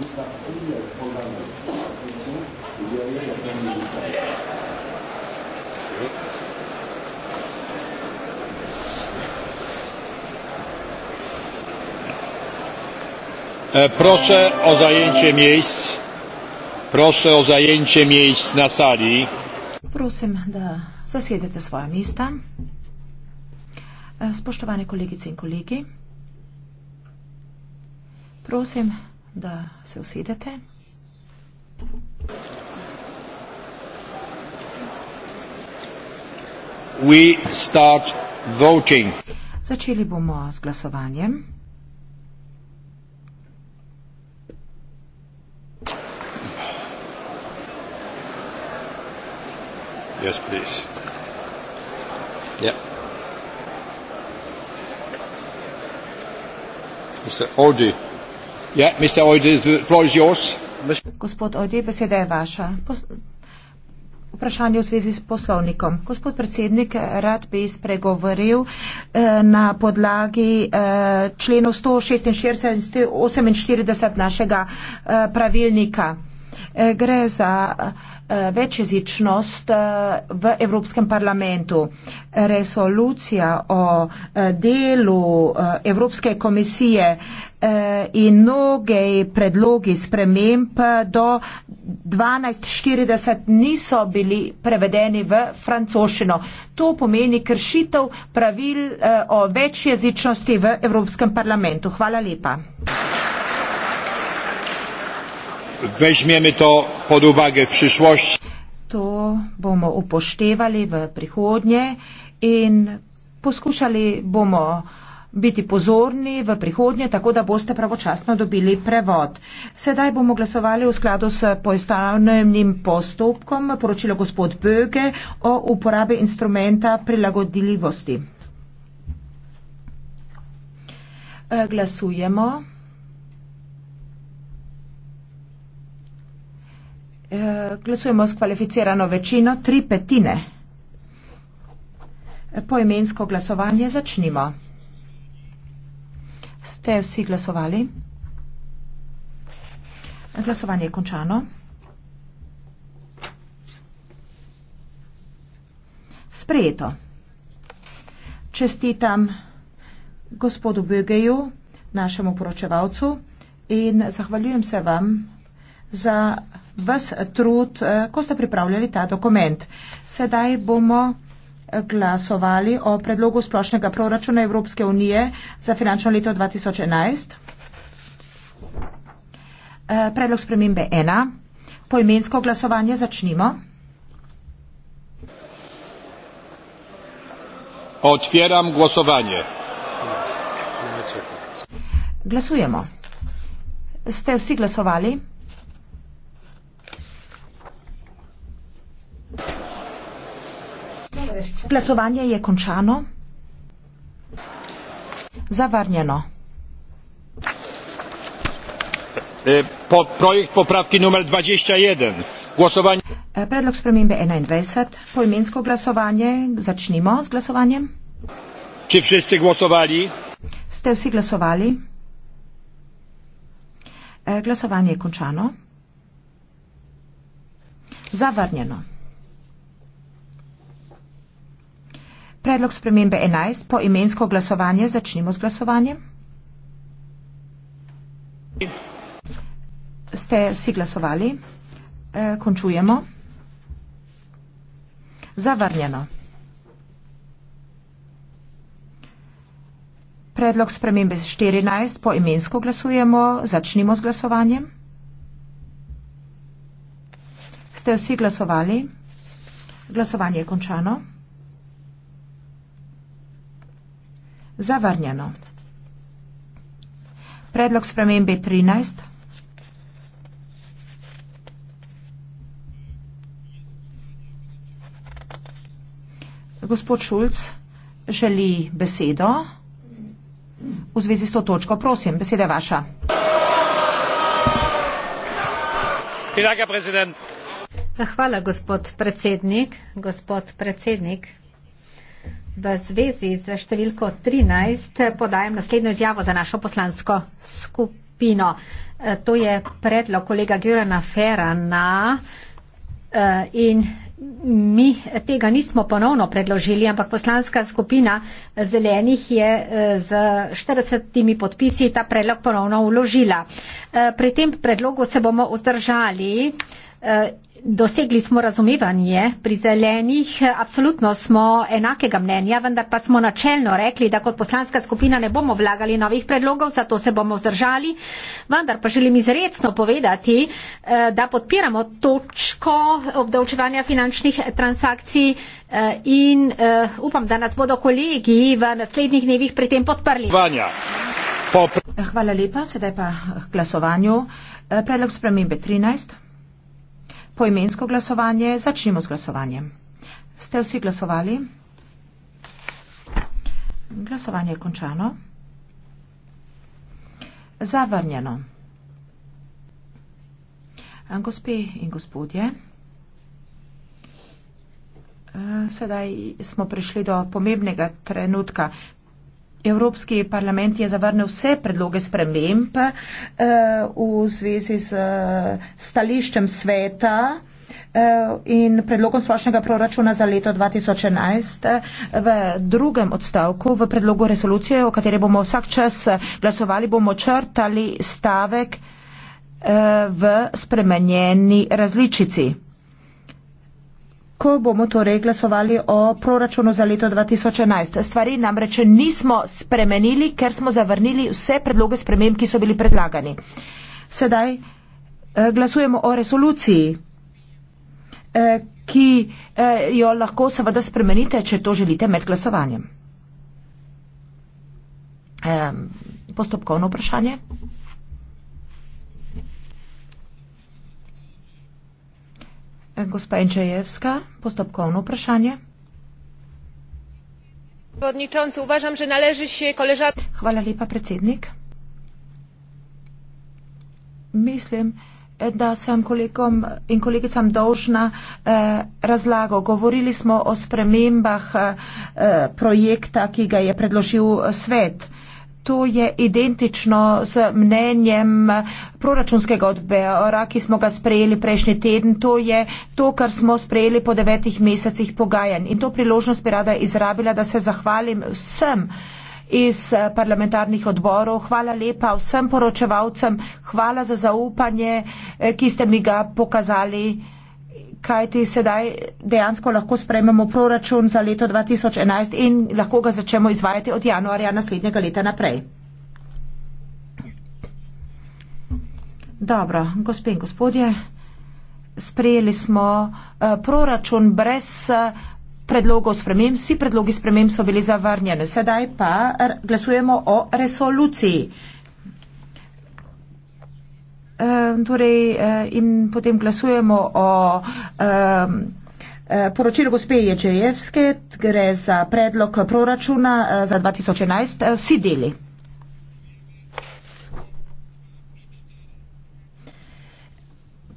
da prije programe, da je to nekaj. Proszę o zajęcie miejsc. Proszę o zajęcie miejsc na sali. Prosim, da zasiedete swoje miejsca. Spoštovane kolegice in kolegi, prosim, da se usedete. We start voting. Začeli bomo s glasovanjem. Yes, please. Yeah. Mr. Odi. Ja, Gospod Ojde, beseda je vaša. Vprašanje v zvezi s poslovnikom. Gospod predsednik, rad bi spregovoril eh, na podlagi eh, členov 146 in 148 našega eh, pravilnika. Gre za večjezičnost v Evropskem parlamentu. Resolucija o delu Evropske komisije Eh, in mnogi predlogi sprememb eh, do 12.40 niso bili prevedeni v francoščino. To pomeni kršitev pravil eh, o večjezičnosti v Evropskem parlamentu. Hvala lepa. To bomo upoštevali v prihodnje in poskušali bomo uh, biti pozorni v prihodnje, tako da boste pravočasno dobili prevod. Sedaj bomo glasovali v skladu s poistavnim postopkom poročilo gospod Böge o uporabi instrumenta prilagodljivosti. E, glasujemo. E, glasujemo s kvalificirano večino, tri petine. E, poimensko glasovanje začnimo. Ste vsi glasovali? Glasovanje je končano. Sprejeto. Čestitam gospodu Bögeju, našemu poročevalcu, in zahvaljujem se vam za vas trud, eh, ko ste pripravljali ta dokument. Sedaj bomo glasovali o predlogu splošnega proračuna Evropske unije za finančno leto 2011. Eh, predlog spremembe ena. Poimensko glasovanje začnimo. Odpiram glasovanje. Glasujemo. Ste vsi glasovali? Glasovanje je končano. Zavrnjeno. E, po projekt popravki numer 21. Glasovanje. E, predlog spremembe 21. Poimensko glasovanje. Začnimo z glasovanjem. Če vsi glasovali? Ste vsi glasovali? E, glasovanje je končano. Zavrnjeno. Predlog spremembe 11 po imensko glasovanje začnimo z glasovanjem. Ste vsi glasovali? E, končujemo. Zavrnjeno. Predlog spremembe 14 po imensko glasujemo. Začnimo z glasovanjem. Ste vsi glasovali? Glasovanje je končano. zavrnjeno. Predlog spremembe 13. Gospod Šulc želi besedo v zvezi s to točko. Prosim, beseda je vaša. Hvala, gospod predsednik. Gospod predsednik. V zvezi z številko 13 podajam naslednjo izjavo za našo poslansko skupino. E, to je predlog kolega Gjurana Ferana e, in mi tega nismo ponovno predložili, ampak poslanska skupina zelenih je e, z 40 podpisi ta predlog ponovno uložila. Pri tem predlogu se bomo vzdržali. Eh, dosegli smo razumevanje pri zelenih, eh, absolutno smo enakega mnenja, vendar pa smo načelno rekli, da kot poslanska skupina ne bomo vlagali novih predlogov, zato se bomo zdržali. Vendar pa želim izredno povedati, eh, da podpiramo točko obdavčevanja finančnih transakcij in upam, da nas bodo kolegi v naslednjih dnevih pri tem podprli. Hvala lepa, sedaj pa k glasovanju. Predlog spremembe 13. Poimensko glasovanje začnimo z glasovanjem. Ste vsi glasovali? Glasovanje je končano. Zavrnjeno. Gospe in gospodje, eh, sedaj smo prišli do pomembnega trenutka, Evropski parlament je zavrnil vse predloge sprememb uh, v zvezi z uh, eh, stališčem sveta eh, in predlogom splošnega proračuna za leto 2011 v drugem odstavku v predlogu resolucije, o kateri bomo vsak čas glasovali, bomo črtali stavek v spremenjeni različici ko bomo torej glasovali o proračunu za leto 2011. Stvari namreč nismo spremenili, ker smo zavrnili vse predloge sprememb, ki so bili predlagani. Sedaj eh, glasujemo o resoluciji, eh, ki eh, jo lahko seveda spremenite, če to želite, med glasovanjem. Postopkovno vprašanje. Gospa Enčejevska, postopkovno vprašanje. Podničoncu, uvažam, že naleži še koležat. Hvala lepa, predsednik. Mislim, da sem kolegom in kolegicam dolžna eh, razlago. Govorili smo o spremembah eh, eh projekta, ki ga je predložil eh, svet. Eh, to je identično s mnenjem proračunskega odbora, ki smo ga sprejeli prejšnji teden. To je to, kar smo sprejeli po devetih mesecih pogajanj. In to priložnost bi rada izrabila, da se zahvalim vsem iz parlamentarnih odborov. Hvala lepa vsem poročevalcem, hvala za zaupanje, ki ste mi ga pokazali kajti sedaj dejansko lahko sprejmemo proračun za leto 2011 in lahko ga začnemo izvajati od januarja naslednjega leta naprej. Dobro, gospe in gospodje, sprejeli smo uh, proračun brez uh, predlogov sprememb. Vsi predlogi sprememb so bili zavrnjene. Sedaj pa glasujemo o resoluciji. Uh, torej, eh, in potem glasujemo o um, poročilu gospe Ječejevske, gre za predlog proračuna eh, za 2011, vsi deli.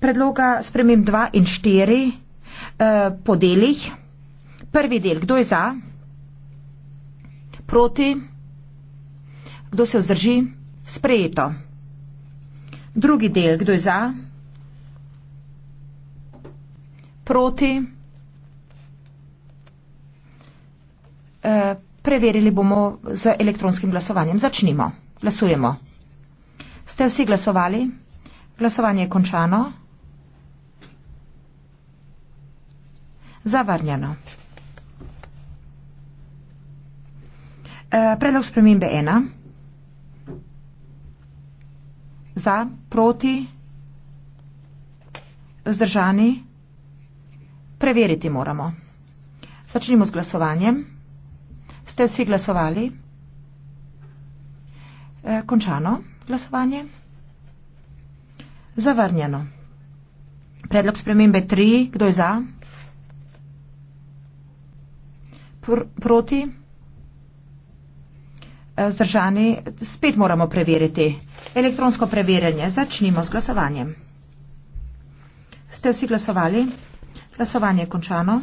Predloga spremem 2 in 4 po delih. Prvi del, kdo je za, proti, kdo se vzdrži, sprejeto. Drugi del, kdo je za? Proti? E, preverili bomo z elektronskim glasovanjem. Začnimo. Glasujemo. Ste vsi glasovali? Glasovanje je končano. Zavarnjeno. E, eh, predlog spremembe 1. Za, proti, vzdržani. Preveriti moramo. Začnimo z glasovanjem. Ste vsi glasovali? E, končano glasovanje. Zavrnjeno. Predlog spremembe 3. Kdo je za? Pr proti. Eh, vzdržani, spet moramo preveriti. Elektronsko preverjanje. Začnimo z glasovanjem. Ste vsi glasovali? Glasovanje je končano.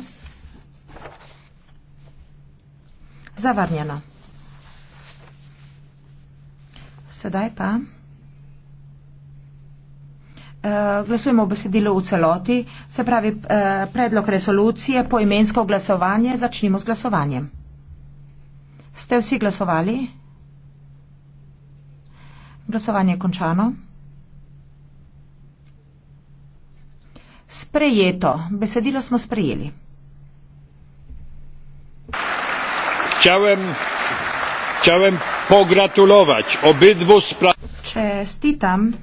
Zavrnjeno. Sedaj pa. Eh, glasujemo v besedilu v celoti, se pravi eh, predlog resolucije, poimensko glasovanje, začnimo z glasovanjem. Ste vsi glasovali? Glasovanje je končano. Sprejeto. Besedilo smo sprejeli. Čavem, čavem pogratulovač obidvu spra... Čestitam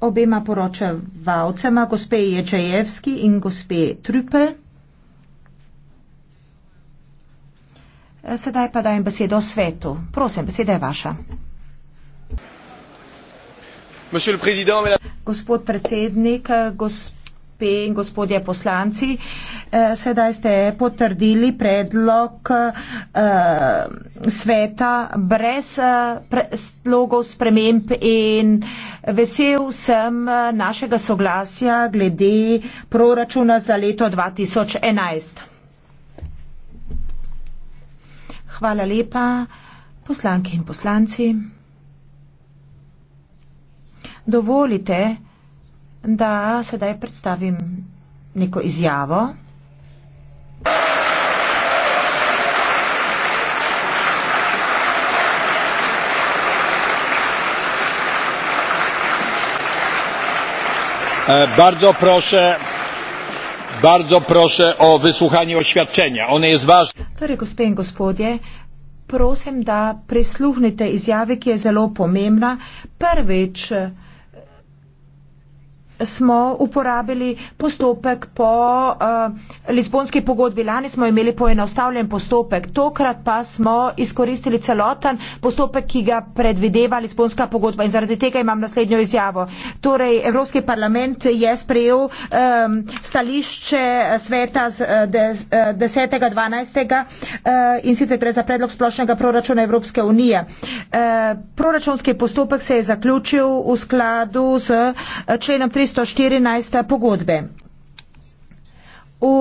obema poročevalcema, gospe Ječejevski in gospe Trüpel. Sedaj pa dajem besedo svetu. Prosim, beseda je vaša. Gospod predsednik, gospe in gospodje poslanci, eh, sedaj ste potrdili predlog eh, sveta brez slogov eh, sprememb in vesel sem našega soglasja glede proračuna za leto 2011. Hvala lepa, poslanke in poslanci. Dovolite, da sedaj predstavim neko izjavo. E, bardzo proszę, bardzo proszę o wysłuchanie oświadczenia. Ono jest ważne. Torej, gospe in gospodje, prosim, da prisluhnite izjave, ki je zelo pomembna. Prvič, smo uporabili postopek po uh, Lizbonski pogodbi. Lani smo imeli poenostavljen postopek, tokrat pa smo izkoristili celoten postopek, ki ga predvideva Lizbonska pogodba in zaradi tega imam naslednjo izjavo. Torej, Evropski parlament je sprejel um, stališče sveta z 10. Uh, 12. Uh, in sicer gre za predlog splošnega proračuna Evropske unije. Uh, proračunski postopek se je zaključil v skladu z uh, členom 3 štiristo štirinajste pogodbe. V